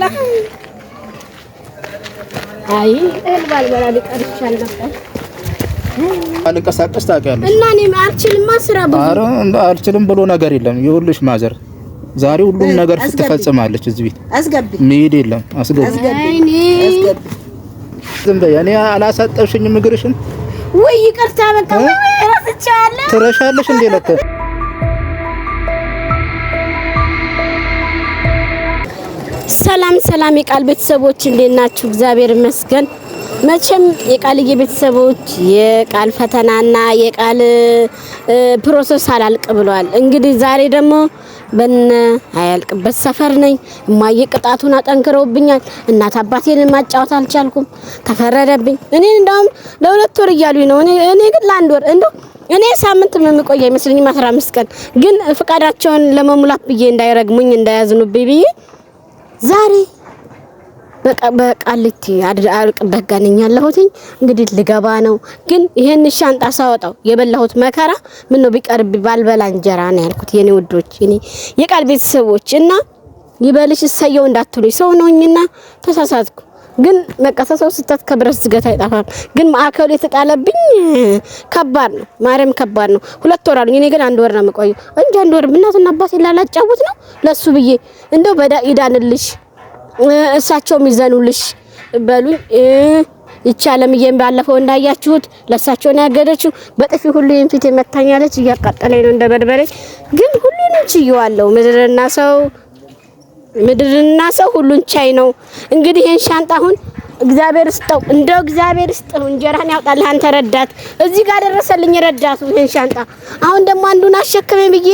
ልብላ። አይ እህል ባልበላ ልቀርቻ አልነበር አልንቀሳቀስ ታውቂያለሽ። እና አልችልም ስራ ብዙ አልችልም ብሎ ነገር የለም። ይኸውልሽ ማዘር ዛሬ ሁሉም ነገር ትፈጽማለች። እዚህ ቤት አስገቢ፣ መሄድ የለም አስገቢ። ዝም በይ። እኔ አላሳጠብሽኝም እግርሽን። ወይ ይቅርታ፣ በቃ ወይ ትረሻለሽ እንዴ ለከ ሰላም ሰላም የቃል ቤተሰቦች እንዴት ናችሁ? እግዚአብሔር ይመስገን። መቼም የቃልዬ ቤተሰቦች የቃል ፈተናና የቃል ፕሮሰስ አላልቅ ብለዋል። እንግዲህ ዛሬ ደግሞ በነ አያልቅበት ሰፈር ነኝ። እማዬ ቅጣቱን አጠንክረውብኛል። እናት አባቴን ማጫወት አልቻልኩም፣ ተፈረደብኝ። እኔ እንደውም ለሁለት ወር እያሉኝ ነው። እኔ ግን ለአንድ ወር እንደው እኔ ሳምንት የምቆይ አይመስለኝም፣ አስራ አምስት ቀን ግን ፍቃዳቸውን ለመሙላት ብዬ እንዳይረግሙኝ እንዳያዝኑብኝ ብዬ ዛሬ በቃሊቲ አልቅበት ጋር ነኝ ያለሁትኝ። እንግዲህ ልገባ ነው፣ ግን ይሄን ሻንጣ ሳወጣው የበላሁት መከራ ምን ነው ቢቀርብ ባልበላ እንጀራ ነው ያልኩት። የኔ ውዶች፣ እኔ የቃል ቤተሰቦች እና ይበልሽ እሰየው እንዳትሉኝ ሰው ነውኝና ተሳሳትኩ። ግን መቀሰሰው ስተት ከብረት ዝገት አይጠፋም። ግን ማዕከሉ የተጣለብኝ ከባድ ነው። ማርያም ከባድ ነው። ሁለት ወር አሉኝ። እኔ ግን አንድ ወር ነው የምቆየው እንጂ አንድ ወር እናትና አባቴ ላላጫውት ነው ለሱ ብዬ እንደው በዳ ይዳንልሽ፣ እሳቸውም ይዘኑልሽ በሉኝ። ይቺ አለምዬም ባለፈው እንዳያችሁት ለእሳቸው ነው ያገደችው። በጥፊ ሁሉንም ፊት የመታኛለች። እያቃጠለኝ ነው እንደ ግን ሁሉንም ችየዋለሁ ምድርና ሰው ምድርና ሰው ሁሉን ቻይ ነው። እንግዲህ ይህን ሻንጣ አሁን እግዚአብሔር ስጠው፣ እንደው እግዚአብሔር ስጠው፣ እንጀራን ያውጣልህ አንተ ረዳት። እዚህ ጋር ደረሰልኝ ረዳቱ ይህን ሻንጣ። አሁን ደግሞ አንዱን አሸክሜ ብዬ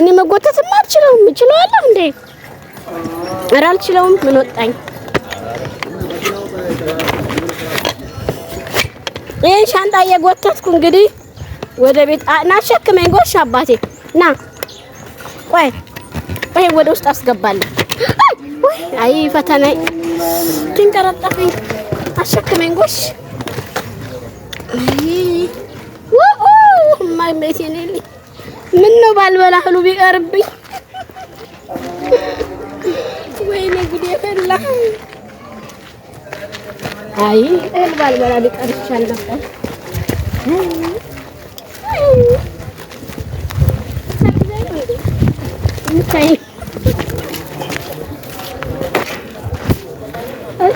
እኔ መጎተትም አልችለውም። እችለዋለሁ እንዴ? ኧረ አልችለውም። ምን ወጣኝ? ይህን ሻንጣ እየጎተትኩ እንግዲህ ወደ ቤት ና፣ አሸክመኝ ጎሽ አባቴ፣ ና ቆይ ቆይ፣ ወደ ውስጥ አስገባለሁ። አይ ፈተና ትንቀረጠፈኝ አሸክመኝ ጎሽ ማይመት የኔል ምን ነው ባልበላ እህሉ ቢቀርብኝ ወይኔ ጉዴ ፈላ። አይ እህል ባልበላ ቢቀር ይቻል ነበር።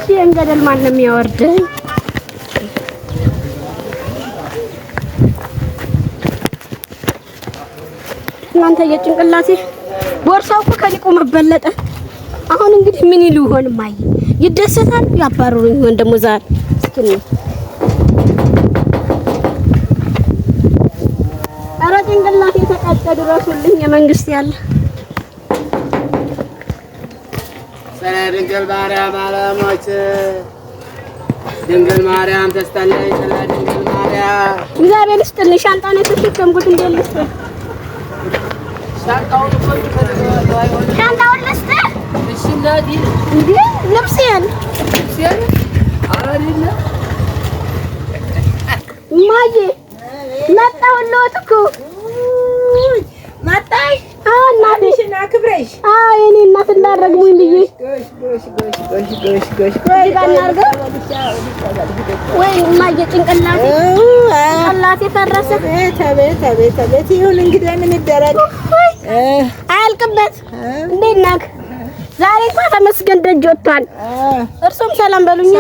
እሺ እንገደል ማን ነው የሚያወርድህ? እናንተ የጭንቅላቴ ቦርሳው እኮ ከሊቁ መበለጠ። አሁን እንግዲህ ምን ይሉ ይሆን? ማይ ይደሰታል ያባሩ ይሆን ደግሞ ዛሬ እስኪ ጭንቅላቴ ተቀጨ ድረሱልኝ የመንግስት ያለ ጸረ ድንግል ማርያም አለሞች ድንግል ማርያም ተስተለይ ጸረ ድንግል ማርያም እግዚአብሔር ይስጥልኝ። ሻንጣውን የተሸከምኩት እንዴት ሻንጣውን ሻንጣውን እሺ እናቴ እንዴ ልብሴን ልብሴን አራሪና እማዬ መጣሁልዎት እኮ መጣሽ የእኔ እናት እንዳረግሙኝ ብዬ ወይ እማዬ ፈረሰ። አያልቅበት። እንዴት ናት ዛሬ? እንኳን ተመስገን ደጅ ወጥቷል። እርሶም ሰላም በሉኝ።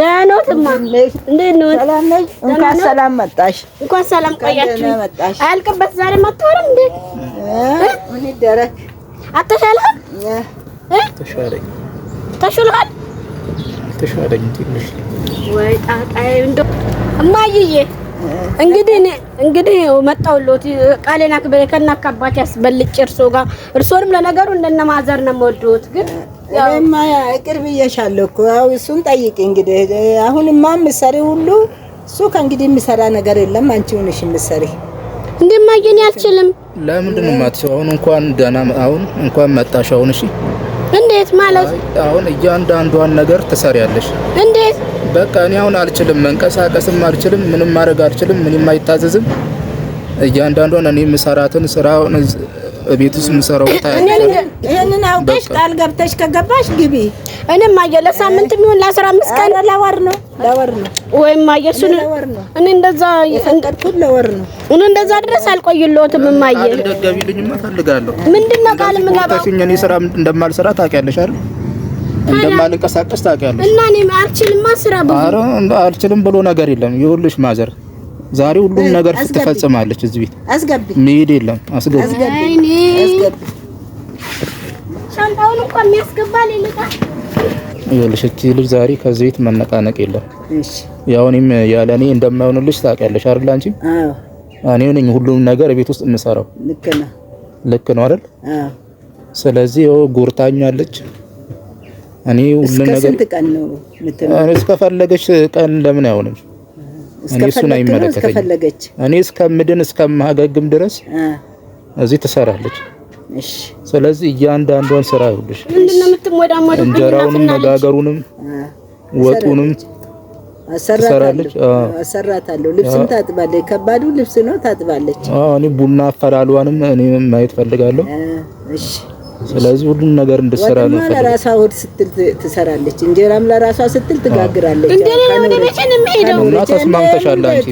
ደህና ነዎት? እማ እንዴት ነዎት? ሰላም ነኝ። እንኳን ሰላም መጣሽ። እንኳን ሰላም ቆያችሁ። አያልቅበት ዛሬም አታወራም እንዴ? ምን ይደረግ። አትሻለህም? ተሻለኝ። ተሽሎሃል? ተሻለኝ ትንሽ። ወይ ጣጣዬ። እንደው እማዬ እንግዲህ እንግዲህ መጣሁልዎት ቃሌን አክብሬ ከእናት ከአባቴ አስበልጬ እርስዎ ጋር እርስዎንም ለነገሩ እንደነ ማዘር ነው የምወደዎት ግን እኔማ ቅርብ እየሻለሁ እኮ ያው እሱን ጠይቂ እንግዲህ። አሁንማ የምትሰሪ ሁሉ እሱ ከእንግዲህ የሚሰራ ነገር የለም። አንቺ ሆነሽ የምትሰሪ እንደማዬ እኔ አልችልም። ለምንድን ነው የማትችይው? አሁን እንኳን ደህና አሁን እንኳን መጣሽ። አሁን እሺ፣ እንዴት ማለት አሁን እያንዳንዷን ነገር ትሰሪያለሽ። እንዴት በቃ እኔ አሁን አልችልም፣ መንቀሳቀስም አልችልም፣ ምንም ማድረግ አልችልም፣ ምንም አይታዘዝም። እያንዳንዷን እኔ የምሰራትን ስራ ቤት ውስጥ የምሰራው ይህንን አውቀሽ ቃል ገብተሽ ከገባሽ ግቢ። እኔም አየህ ለሳምንት የሚሆን ለአስራ አምስት ቀን ለወር ነው ለወር ነው ወይም አየህ እሱን እኔ እንደዛ የፈቀድኩት ለወር ነው። እኔ እንደዛ ድረስ አልቆይልዎትም። እማዬ ደጋቢልኝማ እፈልጋለሁ። ምንድን ነው ቃል የምገባው? እኔ ስራ እንደማልሰራ ታውቂያለሽ አይደል? እንደማልንቀሳቀስ ታውቂያለሽ። እና እኔ አልችልማ ስራ ብዙ አልችልም ብሎ ነገር የለም። ይኸውልሽ ማዘር ዛሬ ሁሉም ነገር ትፈጽማለች። እዚህ ቤት አስገቢ፣ መሄድ የለም አስገቢ። ሻንጣውን እንኳን የሚያስገባ ይኸውልሽ፣ እቺ ልጅ ዛሬ ከዚህ ቤት መነቃነቅ የለም። ያው እኔም ያለ እኔ እንደማይሆንልሽ ታውቂያለሽ አይደል? አንቺ እኔ ነኝ ሁሉም ነገር ቤት ውስጥ የምሰራው። ልክ ነው አይደል? ስለዚህ ያው ጎርታኛለች። እኔ ሁሉም ነገር እስከ ፈለገች ቀን ለምን አይሆንም? እኔ እሱን አይመለከተኝም። እኔ እስከምድን እስከማገግም ድረስ እዚህ ትሰራለች። ስለዚህ እያንዳንዷን ስራ ይኸውልሽ፣ እንጀራውንም መጋገሩንም ወጡንም ትሰራለች። አሰራታለሁ። ልብስም ታጥባለች። ከባዱ ልብስ ነው፣ ታጥባለች። አዎ እኔ ቡና አፈላሏንም እኔ ማየት ፈልጋለሁ። እሺ ስለዚህ ሁሉን ነገር እንድትሰራ ነው። ወጥማ ለራሷ ሆድ ስትል ትሰራለች፣ እንጀራም ለራሷ ስትል ትጋግራለች። እንጀራ ወደ ቤት ነው የምሄደው እና ተስማምተሻል። አንቺ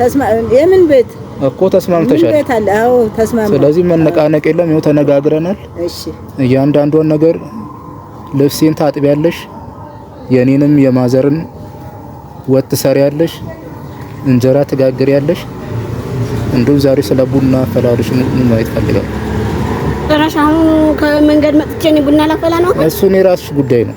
ተስማ የምን ቤት እኮ ተስማምተሻል። ቤት አለ? አዎ ተስማም። ስለዚህ መነቃነቅ የለም። ይኸው ተነጋግረናል። እሺ እያንዳንዷን ነገር ልብሴን ታጥቢያለሽ፣ የኔንም የማዘርን ወጥ ትሰሪያለሽ፣ እንጀራ ትጋግሪያለሽ። እንዲሁም ዛሬ ስለ ቡና አፈላልሽ ምን ማየት ፈልጋለሁ ጭራሽ አሁኑ ከመንገድ መጥቼ እኔ ቡና ላፈላ ነው። እሱን የራስሽ ጉዳይ ነው።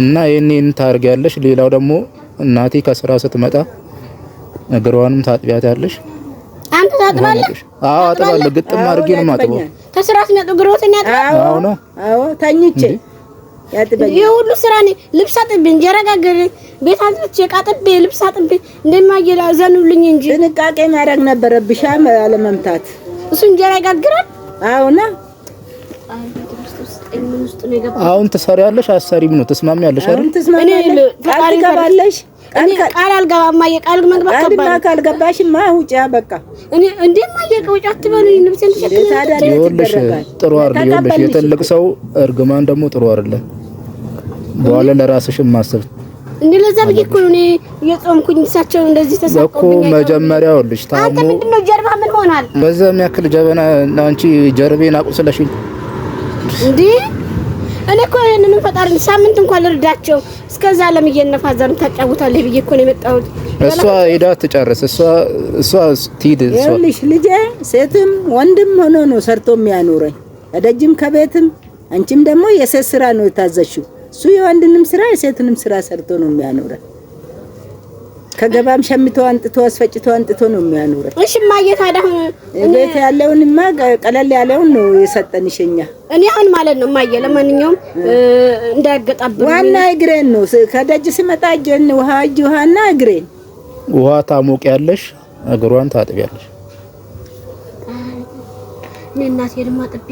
እና ይህንን ታርጊያለሽ። ሌላው ደግሞ እናቴ ከስራ ስትመጣ እግሯንም ታጥቢያታለሽ። አንተ አዎ አጥባለሁ። ግጥም አድርጌ ነው የማጥበው። ከስራ ያጥባለሁ። አዎ ነው። አዎ ተኝቼ የሁሉ ስራ እኔ ልብስ አጥቤ እንጀራ ጋግሬ ቤት አጥቤ ዕቃ አጥቤ ልብስ አጥቤ እንደማየላ ዘኑልኝ እንጂ ጥንቃቄ ማድረግ ነበረብሽ። አለመምታት እሱ እንጀራ ይጋግራል። አሁን አሁን ትሰሪያለሽ አሰሪም ነው ትስማሚያለሽ አይደል? ትስማሚያለሽ እኔ ቃል አልገባም። አየህ ቃል መግባት ከባድ ነው። ካልገባሽማ ውጪ በቃ። እኔ እንደማ የቀውጭ አትበሉኝ። ልብስ ልሸጥ ይኸውልሽ፣ ጥሩ አይደል? ይኸውልሽ የትልቅ ሰው እርግማን ደግሞ ጥሩ አይደለም። በኋላ ለራስሽም ማሰብ እንደለዛ ለዛ ብዬ እኮ ነው እኔ የጾምኩኝ። እሳቸው እንደዚህ ተሳቀቁኝ እኮ መጀመሪያው ልጅ ታሞ አንተ ምንድነው ጀርባ ምን ሆናል? በዛ የሚያክል ጀበና አንቺ ጀርቤን አቁስለሽኝ እንዴ እኔ እኮ ይሄንንም ፈጣሪ ሳምንት እንኳን ልርዳቸው እስከዛ ለም እየነፋዘርም ታጫውታለህ ብዬ እኮ ነው የመጣሁት። እሷ ሄዳ ትጨርስ። እሷ እሷ ትሂድ። እሷ ልጅ ልጄ ሴትም ወንድም ሆኖ ነው ሰርቶ የሚያኖረኝ ከደጅም ከቤትም። አንቺም ደግሞ የሴት ስራ ነው የታዘሽው እሱ የወንድንም ስራ የሴትንም ስራ ሰርቶ ነው የሚያኖረን። ከገባም ሸምቶ አንጥቶ አስፈጭቶ አንጥቶ ነው የሚያኖረን። እሺ እማዬ፣ ታዲያ አሁን ቤት ያለውንማ ቀለል ያለውን ነው የሰጠን ይሸኛ። እኔ አሁን ማለት ነው እማዬ፣ ለማንኛውም እንዳያገጣብኝ ዋና እግሬን ነው ከደጅ ስመጣ እጄን ውሃ እጅ ውሃና እግሬን ውሃ ታሞቅ ያለሽ እግሯን ታጥቢያለሽ። እናት ጥቢ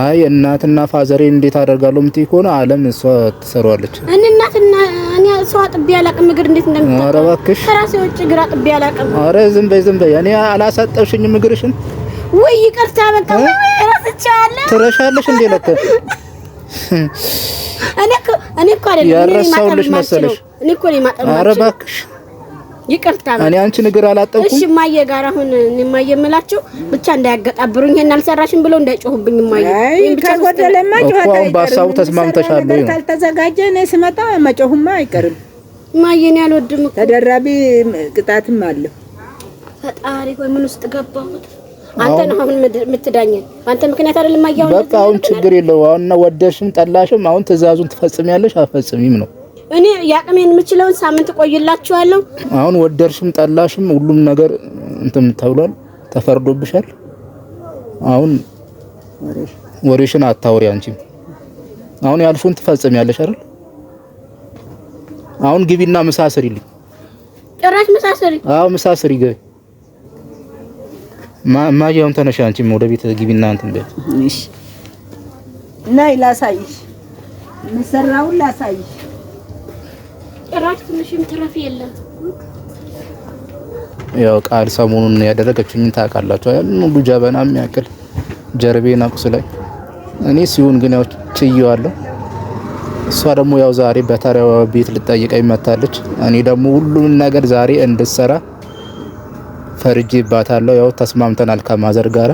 አይ እናትና ፋዘሬ እንዴት አደርጋለሁ ምት ከሆነ አለም እሷ ትሰሯለች። እኔ እናትና እኔ እሷ አላቅም እግር እንዴት ኧረ እባክሽ ከራሴ ውጭ አላቅም። ኧረ ዝም በይ ዝም በይ። እኔ አላሳጠብሽኝም እግርሽን። ወይ ይቅርታ በቃ ወይ እረስቻለሁ። ትረሻለሽ እንዴ ለከ እኔ እኮ እኔ እኮ አይደለም ያረሳውልሽ መሰለሽ። እኔ እኮ ኧረ እባክሽ ይቅርታ እኔ አንቺ ነገር አላጠንኩም። እሺ እማዬ ጋር አሁን እማዬ የምላችሁ ብቻ እንዳያገጣብሩኝ ይሄን አልሰራሽም ብሎ እንዳይጮህብኝ እማዬ። ከጎደለማ ጨዋታ አይቀርም። በሀሳቡ ተስማምተሻል ነው? ካልተዘጋጀ እኔ ስመጣ መጮሁማ አይቀርም እማዬ። እኔ አልወድም እኮ ተደራቢ ቅጣትም አለ። ፈጣሪ ሆይ ምን ውስጥ ገባሁት? አንተ ነው አሁን የምትዳኝ አንተ ምክንያት አይደለም። እማዬ አሁን በቃ አሁን ችግር የለው። አሁን ወደሽም ጠላሽም አሁን ትእዛዙን ትፈጽሚያለሽ አትፈጽሚም ነው እኔ ያቅሜን የምችለውን ሳምንት ቆይላችኋለሁ። አሁን ወደርሽም ጠላሽም ሁሉም ነገር እንትም ተብሏል፣ ተፈርዶብሻል። አሁን ወሬሽን አታውሪ። አንቺ። አሁን ያልሽውን ትፈጽሚያለሽ አይደል? አሁን ግቢና ምሳ ስሪልኝ። ጭራሽ ምሳ ስሪ? አዎ ምሳ ስሪ። ግቢ ማያውን ተነሽ። አንቺ ወደ ቤት ግቢና እንትን በይ። እሺ፣ ነይ ላሳይሽ፣ ምሰራውን ላሳይሽ ጭራሽ ትንሽም ትረፍ የለም። ያው ቃል ሰሞኑን ያደረገችኝን ታውቃላችሁ። ያን ሁሉ ጀበና የሚያክል ጀርቤን አቁስላኝ እኔ ሲሆን ግን ያው ችየዋለሁ። እሷ ደግሞ ያው ዛሬ በተራዋ ቤት ልጠይቀኝ መታለች። እኔ ደግሞ ሁሉንም ነገር ዛሬ እንድትሰራ ፈርጄባታለሁ። ያው ተስማምተናል ከማዘር ጋራ።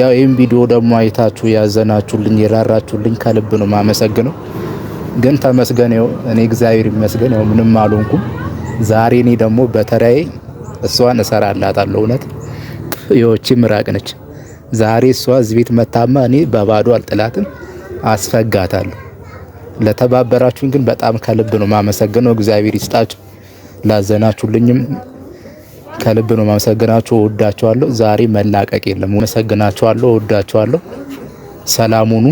ያው ይህም ቪዲዮ ደግሞ አይታችሁ ያዘናችሁልኝ፣ የራራችሁልኝ ከልብ ነው ማመሰግነው። ግን ተመስገን እኔ እግዚአብሔር ይመስገን ያው ምንም አልሆንኩም። ዛሬ እኔ ደግሞ በተራዬ እሷን እሰራላታለሁ። እውነት ይህቺ ምራቅ ነች። ዛሬ እሷ እዚህ ቤት መታማ እኔ በባዶ አልጥላትም፣ አስፈጋታለሁ። ለተባበራችሁኝ ግን በጣም ከልብ ነው ማመሰግነው። እግዚአብሔር ይስጣችሁ። ላዘናችሁልኝም ከልብ ነው ማመሰግናችሁ። እወዳችኋለሁ። ዛሬ መላቀቅ የለም። አመሰግናችኋለሁ። እወዳችኋለሁ። ሰላሙኑ